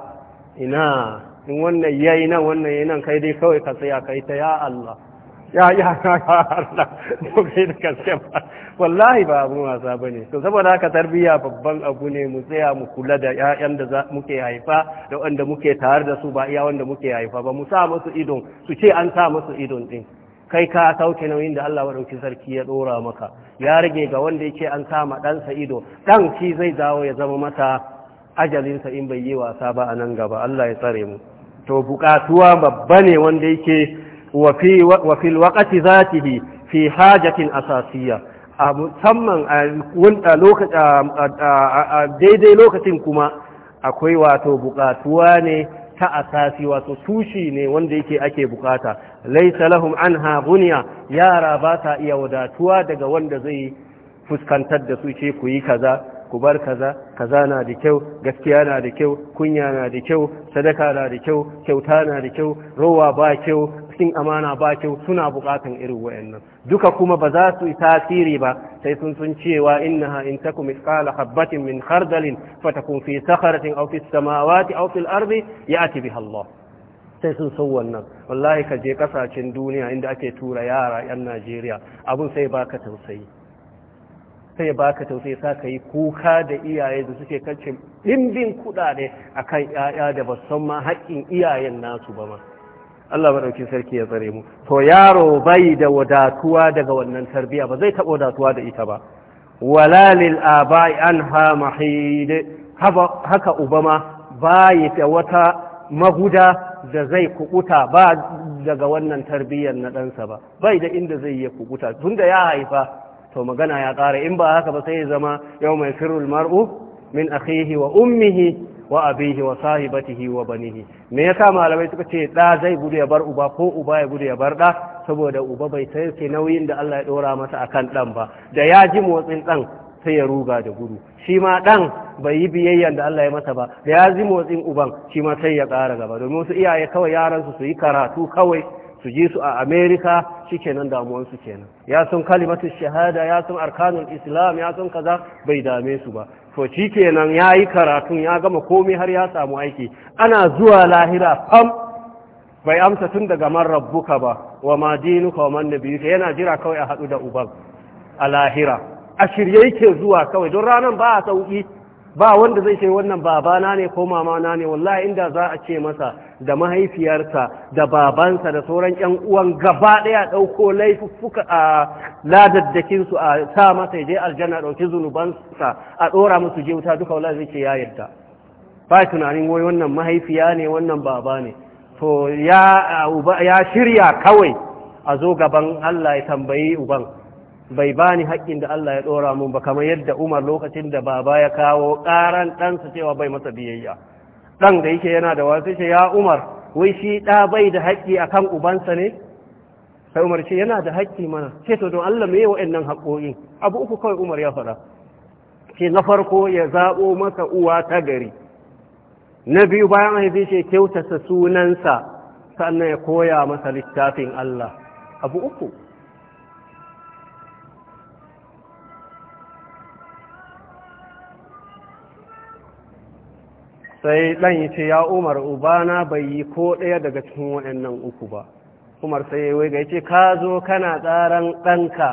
Speaker 1: ina in wannan ya yi nan wannan ya nan kai dai kawai ka tsaya kai ta ya Allah ya ya ya Allah ko kai da gaske ba wallahi ba abun wasa bane to saboda haka tarbiyya babban abu ne mu tsaya mu kula da ƴaƴan da muke haifa da wanda muke tare da su ba iya wanda muke haifa ba mu sa musu idon su ce an sa musu idon din kai ka sauke nauyin da Allah maɗauki sarki ya dora maka ya rage ga wanda yake an sama ɗansa ido ɗan shi zai dawo ya zama mata ajalinsa in bai yi wasa ba a nan gaba Allah ya tsare mu to buƙatuwa babba ne wanda yake wa za ta bi fi hajjakin asasiyya a musamman a daidai lokacin kuma akwai wato buƙatuwa ne ta asasi wato tushi ne wanda yake ake buƙata. laisa lahum an guniya yara ba sa iya wadatuwa daga wanda zai fuskantar da su ce ku yi kaza ku bar kaza kaza na da kyau gaskiya na da kyau kunya na da kyau sadaka na da kyau kyauta na da kyau rowa ba kyau cikin amana ba kyau suna bukatan irin wayannan duka kuma ba za su yi tasiri ba sai sun sun cewa innaha in takum mithqala habatin min khardalin fatakun fi sakharatin aw fi samawati aw fil ardi ya'ti biha Allah sai sun san wannan wallahi ka je kasashen duniya inda ake tura yara yan Najeriya abun sai baka tausayi sai baka tausayi sa ka yi kuka da iyaye da suke kacce ɗimbin kuɗaɗe a kan ‘ya'ya da ba san ma haƙƙin iyayen nasu ba ma Allah maɗauki sarki ya tsare mu to yaro bai da wadatuwa daga wannan tarbiyya ba zai taɓa wadatuwa da ita ba wala lil abai anha mahid haka uba ma bai da wata maguda da zai kukuta ba daga wannan tarbiyyar na ɗansa ba bai da inda zai yi kukuta tunda ya haifa to magana ya ƙara in ba haka ba sai ya zama yau mai firul mar'u min akhihi wa ummihi wa abihi wa sahibatihi wa banihi me yasa malamai suka ce da zai gudu ya bar uba ko uba ya gudu ya bar da saboda uba bai san ke nauyin da Allah ya dora masa akan dan ba da ya ji motsin dan sai ya ruga da gudu shi ma dan bai yi biyayyan da Allah ya masa ba da ya ji motsin uban shi ma sai ya ƙara gaba domin su iyaye kawai yaran su su yi karatu kawai su ji su a america shikenan damuwansu kenan ya sun kalimatu shahada ya sun arkanul islam ya sun kaza bai dame su ba to shikenan ya yi karatun ya gama komai har ya samu aiki ana zuwa lahira fam bai amsa tun daga man rabbuka ba wa ma dinuka wa man nabiyuka yana jira kawai a haɗu da uban a lahira a shirye yake zuwa kawai don ranar ba a sauki ba wanda zai ce wannan babana ne ko mamana ne wallahi inda za a ce masa da mahaifiyarsa da babansa da sauran ƴan uwan gaba ɗaya ɗauko laifuffuka a ladaddakin su a sa masa je aljanna dauki zunubansa a ɗora musu je wuta duka wallahi zai ce ya yarda ba tunanin wai wannan mahaifiya ne wannan baba ne to ya ya shirya kawai a zo gaban Allah ya tambayi uban bai bani haƙƙin da Allah ya ɗora mun ba kamar yadda Umar lokacin da baba ya kawo ƙaran ɗansa cewa bai masa biyayya ɗan da yake yana da wasu ya Umar wai shi ɗa bai da haƙƙi akan ubansa ne sai Umar ce yana da haƙƙi mana ce to don Allah me yi wa'annan haƙƙoƙi abu uku kawai Umar ya faɗa Ke na farko ya zaɓo masa uwa ta gari na biyu bayan yi shi kyautata sunansa sannan ya koya masa littafin Allah abu uku sai ɗan ya ce ya umar ubana bai yi ko ɗaya daga cikin waɗannan uku ba umar sai ya waiga ya ce ka zo kana tsaran ɗanka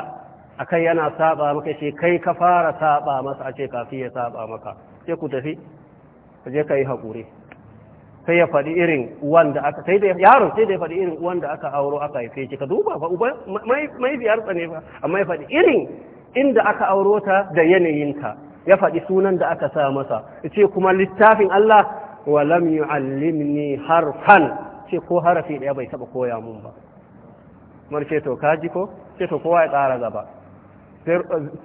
Speaker 1: a kai yana saba maka ce kai ka fara saba masa a ce kafi ya saba maka sai ku tafi ka je ka yi haƙuri sai ya faɗi irin wanda aka sai da yaron sai da ya faɗi irin wanda aka auro aka haife shi ka duba fa uba mai biyar tsane fa amma ya faɗi irin inda aka auro ta da yanayinta ya faɗi sunan da aka sa masa ce kuma littafin Allah wa lam yu'allimni harfan ce ko harafi ɗaya bai taɓa koya mun ba mar ce to kaji ko ce to kowa ya ƙara gaba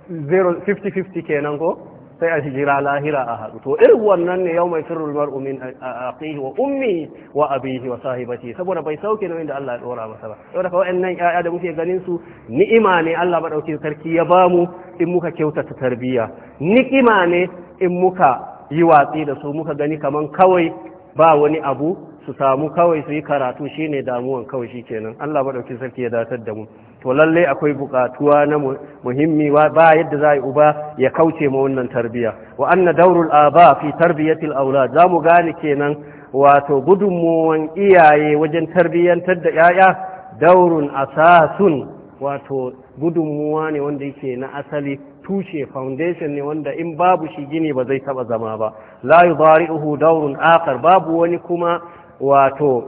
Speaker 1: 50-50 kenan ko sai a jira lahira a haɗu to irin wannan ne yau mai firul mar'u min aqihi wa ummi wa abihi wa sahibati saboda bai sauke nauyin inda Allah ya dora masa ba saboda fa nan ƴaƴa da muke ganin su ni'ima ne Allah madauki sarki ya ba mu in muka kyautata tarbiyya ni'ima ne in muka yi watsi da su muka gani kaman kawai ba wani abu su samu kawai su yi karatu shine damuwan kawai shi kenan. Allah madauki sarki ya datar da mu to lallai akwai bukatuwa na muhimmi ba yadda za a yi uba ya kauce ma wannan tarbiya wa anna daurul aba fi tarbiyatil aulad za mu gane kenan wato gudunmuwan iyaye wajen tarbiyyantar da yaya daurun asasun wato gudunmuwa ne wanda yake na asali tushe foundation ne wanda in babu shi gini ba zai taba zama ba la yudari'uhu daurun akhar babu wani kuma wato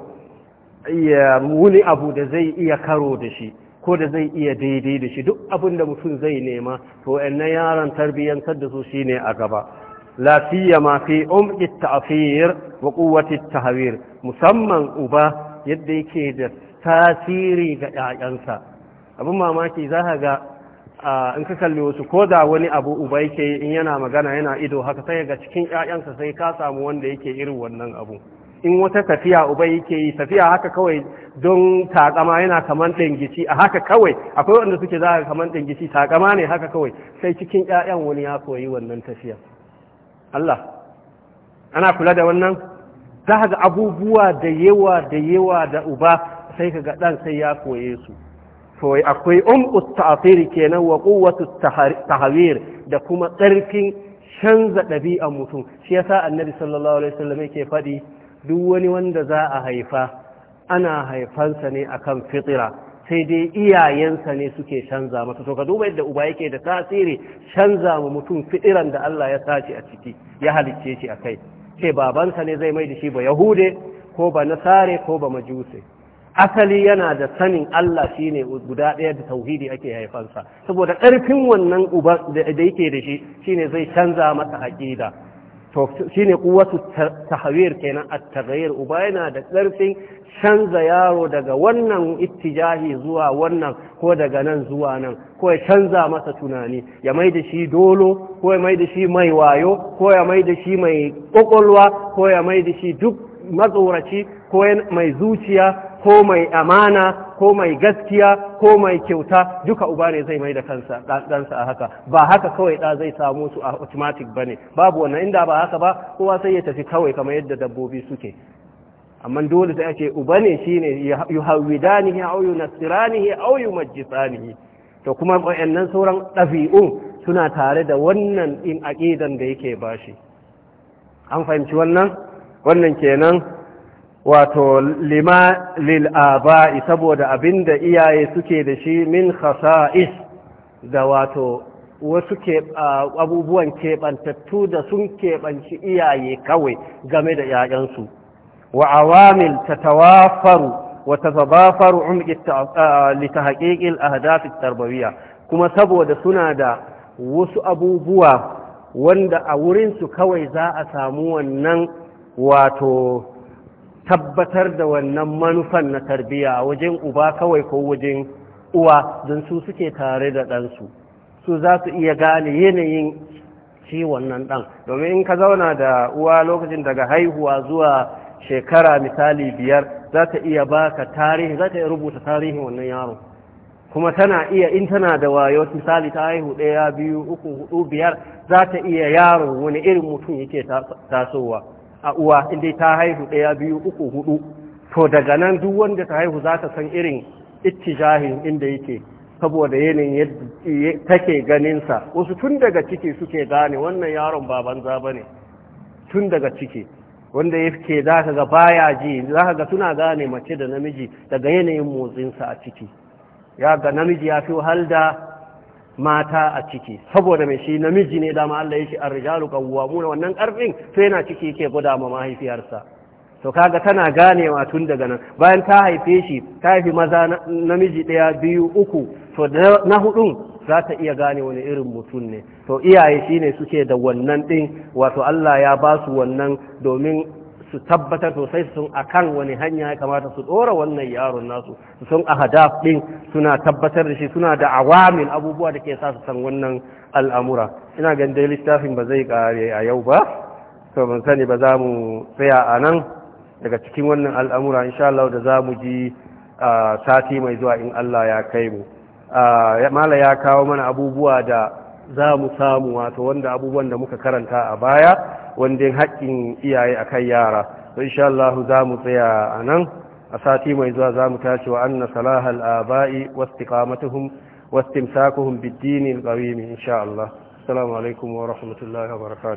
Speaker 1: wani abu da zai iya karo da shi ko da zai iya daidai da shi duk abin da mutum zai nema to na yaran tarbiyyantar da su shine a gaba la ma fi umqi ta'fir wa quwwati tahwir musamman uba yadda yake da tasiri ga ƴaƴansa abin mamaki za ka ga in ka kalli wasu ko da wani abu uba yake in yana magana yana ido haka sai ga cikin ƴaƴansa sai ka samu wanda yake irin wannan abu in wata tafiya uba yake yi tafiya haka kawai don takama yana kaman ɗangici a haka kawai akwai wanda suke za a kaman ɗangici takama ne haka kawai sai cikin ƴaƴan wani ya koyi wannan tafiya Allah ana kula da wannan za ga abubuwa da yawa da yawa da uba sai ka ga ɗan sai ya koye su to akwai umu ta'thir kenan wa quwwatu tahawir da kuma ƙarfin canza ɗabi'ar mutum shi yasa annabi sallallahu alaihi wasallam yake faɗi duk wani wanda za a haifa ana haifansa ne akan fitira sai dai iyayensa ne suke canza masa to ka duba yadda uba yake da tasiri canza mu mutum fitiran da Allah ya sace a ciki ya halicce shi akai sai babansa ne zai mai da shi ba yahude ko ba nasare ko ba majuse asali yana da sanin Allah shine guda ɗaya da tauhidi ake haifansa saboda ƙarfin wannan uba da yake da shi shine zai canza masa aƙida to shine ne kuwatu tahawir kenan a tagayir uba yana da ƙarfin canza yaro daga wannan ittijahi zuwa wannan ko daga nan zuwa nan ko ya canza masa tunani ya mai da shi dolo ko ya mai da shi mai wayo ko ya mai da shi mai ƙwaƙwalwa ko ya mai da shi duk matsoraci ko mai zuciya ko mai amana ko mai gaskiya ko mai kyauta duka uba ne zai mai da kansa ɗansa a haka ba haka kawai ɗa zai samu su a automatic ba ne babu wannan inda ba haka ba kowa sai ya tafi kawai kamar yadda dabbobi suke amma dole sai ake uba ne shine auyu nasirani ya auyu majisani to kuma wayannan sauran ɗabi'un suna tare da wannan in aqidan da yake bashi an fahimci wannan wannan kenan wato lima aba'i saboda abinda iyaye suke da shi min khasa'is da wato wasu abubuwan keɓantattu da sun keɓanci iyaye kawai game da ‘ya'yansu wa awamil ta tawafaru wa ta zabafaru lita haƙiƙil a hadafin tarbawiyya kuma saboda suna da wasu abubuwa wanda a wurinsu kawai za a samu wannan wato tabbatar da wannan manufan na tarbiyya wajen uba kawai ko wajen uwa don su suke tare da ɗansu su za su iya gane yanayin shi wannan ɗan domin in ka zauna da uwa lokacin daga haihuwa zuwa shekara misali biyar za ta iya baka tarihi za ta iya rubuta tarihin wannan yaro, kuma tana iya in tana da wayo misali ta haihu ɗaya biyu uku hudu biyar za ta iya yaro wani irin mutum yake tasowa a uwa inda ta haihu ɗaya biyu uku hudu to daga nan duk wanda ta haihu za ta san irin ittijahin inda yake saboda yanayin take ganinsa wasu tun daga ciki suke gane wannan yaron ba banza ba ne tun daga ciki wanda yake za ka ga baya ji za ka ga suna gane mace da namiji daga yanayin motsinsa a ciki ya ga namiji ya fi wahal da mata a ciki saboda mai shi namiji ne dama Allah ya shi arrijalu qawwamuna wannan karfin to yana ciki yake gwada ma mahaifiyarsa to kaga tana ganewa tun daga nan bayan ta haife shi ta haifi maza namiji ɗaya biyu uku to na hudun za ta iya gane wani irin mutum ne to iyaye shine suke da wannan ɗin wato Allah ya ba su wannan domin su tabbatar sosai sun kan wani hanya ya kamata su ɗora wannan yaron nasu su sun ahadaf ɗin, suna tabbatar da shi suna da awamin abubuwa da ke sa su san wannan al'amura ina ganin dai littafin ba zai ƙare a yau ba to ban sani ba za mu tsaya a nan daga cikin wannan al'amura insha Allah da za mu ji sati mai zuwa in Allah ya kai mu mala ya kawo mana abubuwa da za mu samu wato wanda abubuwan da muka karanta a baya wanda haƙƙin iyaye akan yara to insha Allah za mu tsaya a nan a sati mai zuwa za mu tashi wa anna salahal aba'i wastiqamatuhum wastimsakuhum bid-din al-qawim insha Allah assalamu alaikum wa rahmatullahi wa barakatuh